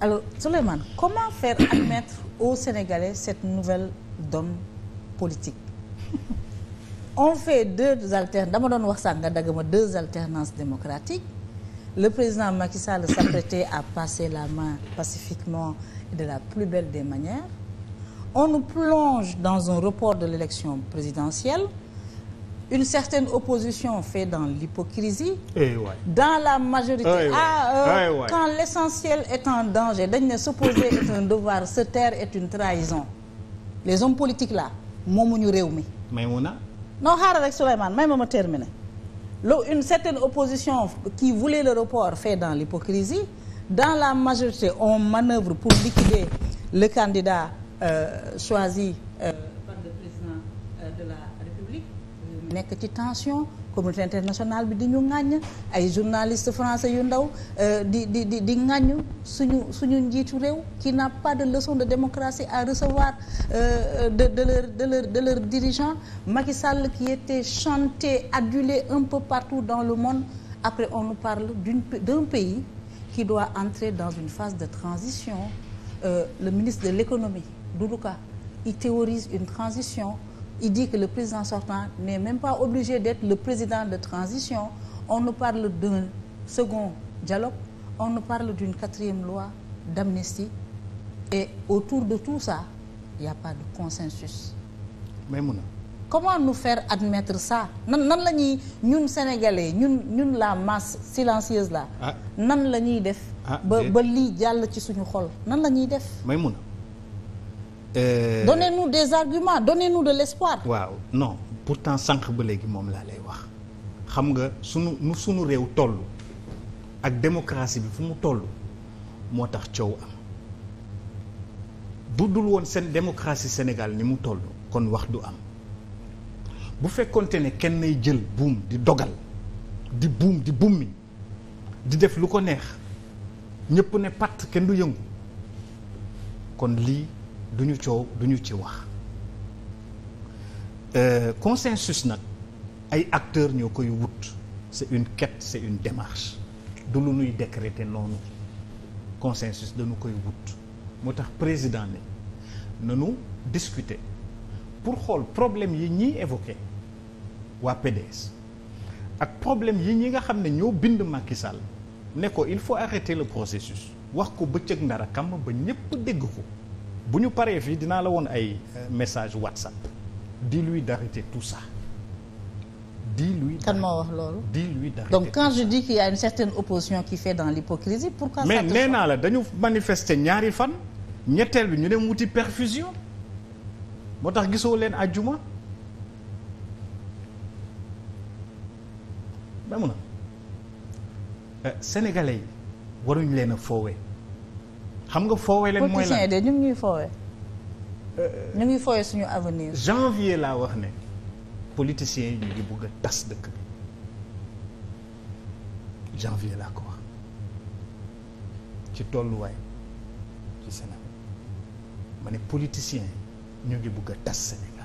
alors Souleymane comment faire admettre aux Sénégalais cette nouvelle donne politique on fait deux alternances dama doon wax sànq nga dagg ma deux alternances démocratiques le président Macky Sall s'apprêtait à passer la main pacifiquement de la plus belle des manières on nous plonge dans un report de l'élection présidentielle une certaine opposition fait dans l'hypocrisie eh dans la majorité eh ouais. ah, euh, eh ouais. quand l'essentiel est en danger dañ s'opposer est un devoir se est une trahison les hommes politiques là moomuñu réew mi Maïmouna non xaaral rek Souleymane may ma ma terminer une certaine opposition qui voulait le report fait dans l'hypocrisie dans la majorité on manœuvre pour liquider le candidat euh, choisi nekk ci tension communauté internationale bi di ñu ŋàññ ay journalistes français yu ndaw euh, di di di di ŋàññ suñu suñu njiitu réew qui n'a pas de leçon de démocratie à recevoir euh, de de leur de leur de leur dirigeant Macky Sall qui était chanté adulé un peu partout dans le monde après on nous parle d'une d'un pays qui doit entrer dans une phase de transition euh, le ministre de l'économie Doudou Ka il théorise une transition il dit que le président sortant n'est même pas obligé d'être le président de transition. On nous parle d'un second dialogue, on nous parle d'une quatrième loi d'amnistie. Et autour de tout ça, il n'y a pas de consensus. Mais Mouna. Comment nous faire admettre ça Nan, nan la ñuy ñun sénégalais ñun ñun la masse silencieuse là. Ah. nan la ñuy def. Ah, ba ba lii jàll ci suñu xol nan la ñuy def. Maymuna Euh... donnez-nous des arguments donnez-nous de l'espoir waaw non pourtant sànq ba léegi moom laa lay wax xam nga sunu nu sunu réew toll ak démocratie bi fu mu toll moo tax coow am bu dul woon seen démocratie Sénégal ni mu tollu kon wax du am bu fekkonte ne kenn nay jël buum di dogal di buum di bummi di def lu ko neex ñëpp ne patt kenn du yëngu kon lii du ñu du ñu ci wax euh, consensus nag ay acteurs ñoo koy wut c'est une quête c'est une démarche du lu nuy décréter noonu consensus dañu koy wut moo tax président ne nanu discuter pour xool problème yi ñiy évoqué waa PDS ak problème yi ñi nga xam ne ñoo bind Macky Sall ne ko il faut arrêter le processus wax ko bëccëg ndara kam ba ñépp dégg ko bu ñu paree fii dinaa la woon ay message WhatsApp dis-lui d'arrêter tout ça dis-lui kan moo wax loolu dis-lui donc quand je dis qu'il y a une certaine opposition qui fait dans l'hypocrisie pourquoi mais nee naa la dañu manifester ñaari fan ñetteel bi ñu ne wuti perfusion moo tax gisoo leen àjjuma damu na euh, sénégalais yi waruñ leen a foowee xam nga foowee leen mooy la de ñu ngi ñuy foowee ñu ngi foowee suñu avenir. janvier laa wax ne politiciens yi ñu ngi bugg a tas dëkk bi janvier laa ko wax ci tolluwaay ci Sénégal ma ne politiciens ñu ngi bugg a tas Sénégal.